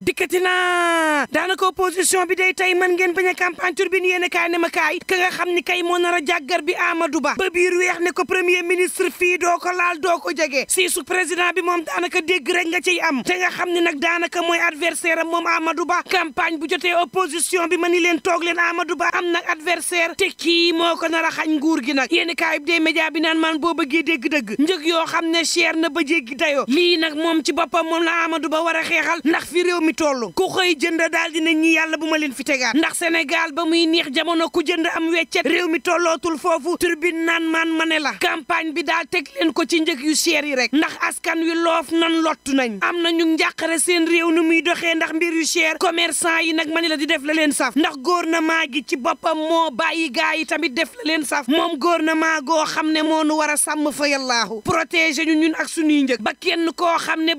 dikkati naa daanaka opposition bi day tey man ngeen bañ a campagne turbine yéen a kaay ne ma kaay ka nga xam ni kay moo nar a jàggar bi Amadou Ba ba biir weex ne ko premier ministre fii doo ko laal doo ko jege si su président bi moom daanaka dégg rek nga ciy am te nga xam ni nag daanaka mooy adversaire am moom Amadou Ba campagne bu jotee opposition bi ma ni leen toog leen amadu Ba am nag adversaire te kii moo ko nar a xañ nguur gi nag yéen a bi dee média bi naan man boo bëggee dégg-dëgg njëg yoo xam ne cher na ba jéggi dayoo lii nag moom ci boppam moom la Amadou Ba war a xeexal ndax fi réew mi mi toll ku xëy jënd daal dina ñi yàlla bu ma leen fi tegaat ndax Sénégal ba muy neex jamono ku jënd am weccet réew mi tollootul foofu turbine naan maan ma ne la campagne bi daal teg leen ko ci njëg yu seer yi rek ndax askan wi loof nan lottu nañ am na ñu njàqare seen réew nu muy doxee ndax mbir yu seer commerçant yi nag ma ne la di def la leen saf ndax góor na maa gi ci boppam moo bàyyi gaa yi tamit def leen saf moom góor na gouvernement goo xam ne moo nu war a sàmm fa yàllaahu protéger ñu suñuy njëg ba kenn koo xam ne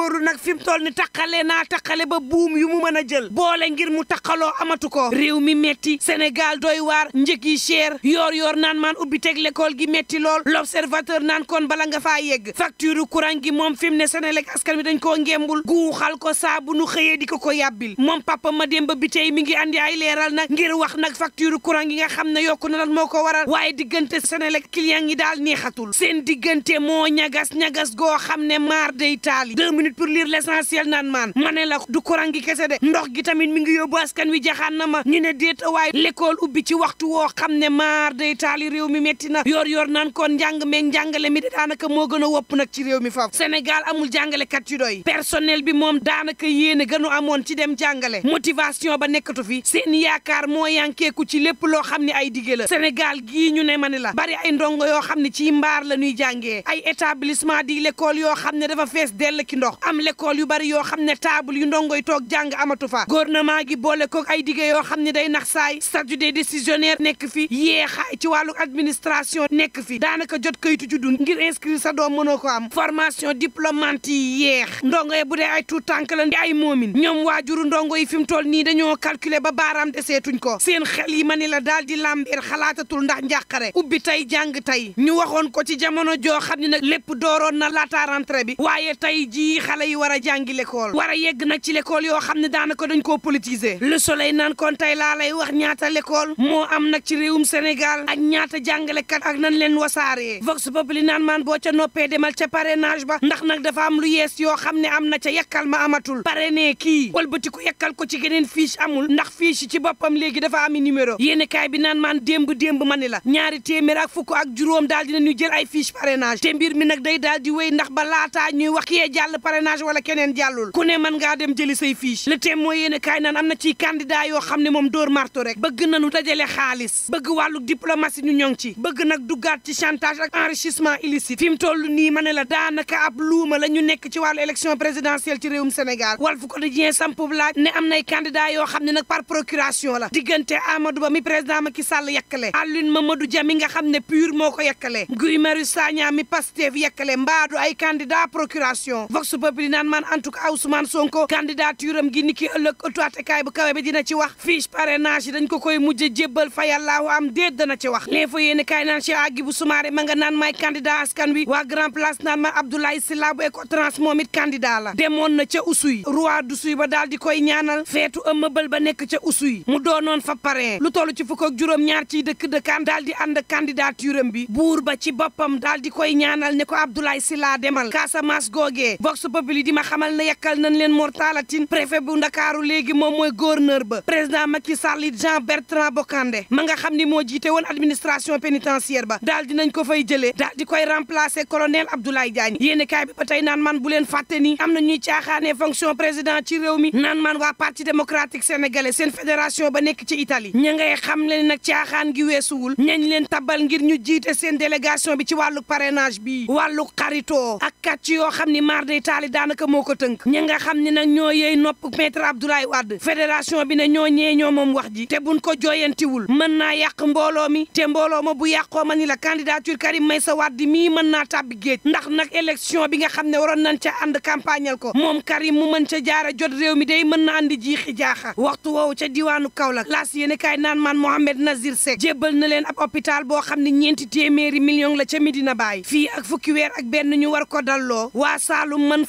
góorgóorlu nag fi mu toll ni taqale naa taqale ba buum yu mu mën a jël boole ngir mu taqaloo amatu ko réew mi metti Sénégal doy waar njëg yi cher yoor yoor naan maan ubbi teg l'école gi metti lool l'observateur naan kon bala nga faa yegg facture courant gi moom fi mu ne Sénélec askan wi dañ koo ngembul guuxal ko saa bu nu xëyee di ko ko yàbbil moom papa Mademba bi tey mi ngi andi ay leeral nag ngir wax nag facture courant gi nga xam ne yokk na lan moo ko waral waaye diggante Sénélec client yi daal neexatul seen diggante moo ñagas ñagas goo xam ne maar day taali minutes pour lire l'essentiel naan maan ma ne la du courant gi kese de ndox gi tamit mi ngi yóbbu askan wi jaxaan na ma ñu ne déet waaye ubbi ci waxtu woo xam ne maar day taali réew mi métti na yoor yoor naan njàng meeg njàngale mi de moo gën a wopp nag ci réew mi foofu Sénégal amul jàngalekat yu doy personnel bi moom daanaka yéene gënu amoon ci dem jàngale motivation ba nekkatu fi seen yaakaar moo yankeeku ci lépp loo xam ne ay dige la Sénégal gii ñu ne ma ne la bari ay ndongo yoo xam ne ci mbaar la ñuy jàngee ay établissement di l'école yoo xam ne dafa fees dell ki ndox am l'école yu bari yoo xam ne taabul yu ndongoy toog jàng amatu fa gouvernement gi boole ko ay dige yoo xam ne day nax saay statut des décisionnaires nekk fi yeexaay ci wàllu administration nekk fi daanaka jot kayitu juddu ngir inscrire sa doom mënoo ko am formation diplômante yi yeex ndongo yi bu dee ay tuut tànk la di ay moomin ñoom waajuru ndongo yi fi mu toll nii dañoo calculer ba baaraam deseetuñ ko seen xel yi ma ni la daal di làmbeer xalaatatul ndax njàqare ubbi tey jàng tey ñu waxoon ko ci jamono joo xam ne nag lépp dooroon na laata bi xale yi war a jàngi l'école war a yegg nag ci l'école yoo xam ne daanaka dañ koo politiser le soleil naan kon tey laa lay wax ñaata l'école moo am nag ci réewum Sénégal ak ñaata jàngalekat ak nan leen wasaaree vox populi naan maan boo ca noppee demal ca parrainage ba ndax nag dafa am lu yees yoo xam ne am na ca yakkal ma amatul parrainé kii wëlbati ko yakkal ko ci geneen fiche amul ndax fiche ci boppam léegi dafa ami numéro yéeni kaay bi naan maan démb démb ma ni la ñaari téeméer ak fukk ak juróom daal dina ñu jël ay fiche parrainage mbir mi nag day daal di wéy ndax ba laataa ñuy parrainage wala keneen jàllul ku ne mën ngaa dem jëli say fiche le thème mooy yéen am na ciy candidat xam ne moom dóor marto rek bëgg nañu dajale xaalis bëgg wàllu diplomatie ñu ñoŋ ci bëgg nag duggaat ci chantage ak enrichissement illicite fi mu toll nii ma ne la daanaka ab luuma la ñu nekk ci wàllu élection présidentielle ci réewum Sénégal Walf Quotidien sampub laaj ne am nay candidat yoo xam ne nag par procuration la diggante Amadou Ba mi président Macky Sall yàkkale Alioune Mamadou Dia mi nga xam ne moo ko yàkkale Guy Marius Sagna mi Pastef yàkkale mbaadu ay candidat procuration vox bi di naan maan en tout cas Ousmane Sonko candidature am gi ni ki ëllëg ëttu attekaay bu kawe bi dina ci wax fiche parrainage yi dañ ko koy mujj jébbal fa yàllaahu am déet dana ci wax l'info yéeni kaay naan Cheikh Agibou Soumaré ma nga naan maay candidat askan wi waa grand place naan ma Abdoulaye Sylla bu Ecotrans moom it candidat la demoon na ca usuy roi d'usuy ba daal di koy ñaanal feetu ëmmëbal ba nekk ca usuy mu doonoon fa pare lu toll ci fukk juróom ñaar ciy dëkk dëkkaan daal di ànd candidature am bi buur ba ci boppam daal di koy ñaanal ne ko Abdoulaye Sylla demal Casamance googee vox populi di ma xamal na yekkal nañ leen Mortala Tine préfet bu Ndakaaru léegi moom mooy gouverneur ba président Macky Sall Jean Bertrand Bocandé ma nga xam ni moo jiite woon administration pénitentiaire ba daal dinañ ko fay jëlee daal koy remplacer colonel Abdoulaye Diagne yéeni kaay bi ba tey naan man bu leen fàtte ni am na ñuy caaxaanee fonction président ci réew mi naan man waa parti démocratique sénégalais seen fédération ba nekk ci Italie ña ngay xam bi ci wàllu parrainage bi Sall daanaka moo ko tënk ñi nga xam ne nag ñoo yey nopp maître Abdoulaye Wade fédération bi ne ñoo ñee ñoo moom wax ji te buñ ko jooyantiwul mën naa yàq mbooloo mi te mbooloo ma bu yàqoo ma ni la candidature Karim Meïssa Wade mii mën naa tàbbi géej ndax nag élection bi nga xam ne waroon nañ ca ànd campagnal ko moom Karim mu mën ca jaara jot réew mi day mën na andi jiixi jaaxa waxtu woowu ca diwaanu Kaolack laas yéene kaay naan man Mohamed Nazir Seck jébbal na leen ab hôpital boo xam ne ñeenti téeméeri million la ca Medina Baye fii ak fukki weer ak benn ñu war ko dalloo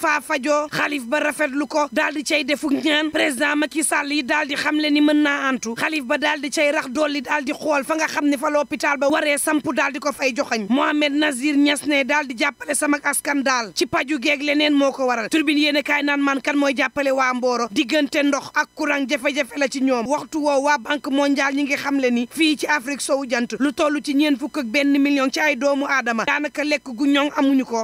faa fajo xalif ba rafetlu ko daal di cay defuk ñaan président Macky Sall yi daal di xamle ni mën naa antu xalif ba daal di cay rax dolli daal di xool fa nga xam ne fa l'hôpital ba waree samp daal di ko fay joxañ Mohamed Nazir ñas ne daal di jàppale sama askan daal ci paju geeg leneen moo ko waral turbine yéen kaay naan man kan mooy jàppale waa Mboro diggante ndox ak courant jafe-jafe la ci ñoom waxtu woo waa banque mondiale ñi ngi xamle ni fii ci Afrique sowu jant lu toll ci ñeen fukk ak benn million ci ay doomu aadama daanaka lekk gu amuñu ko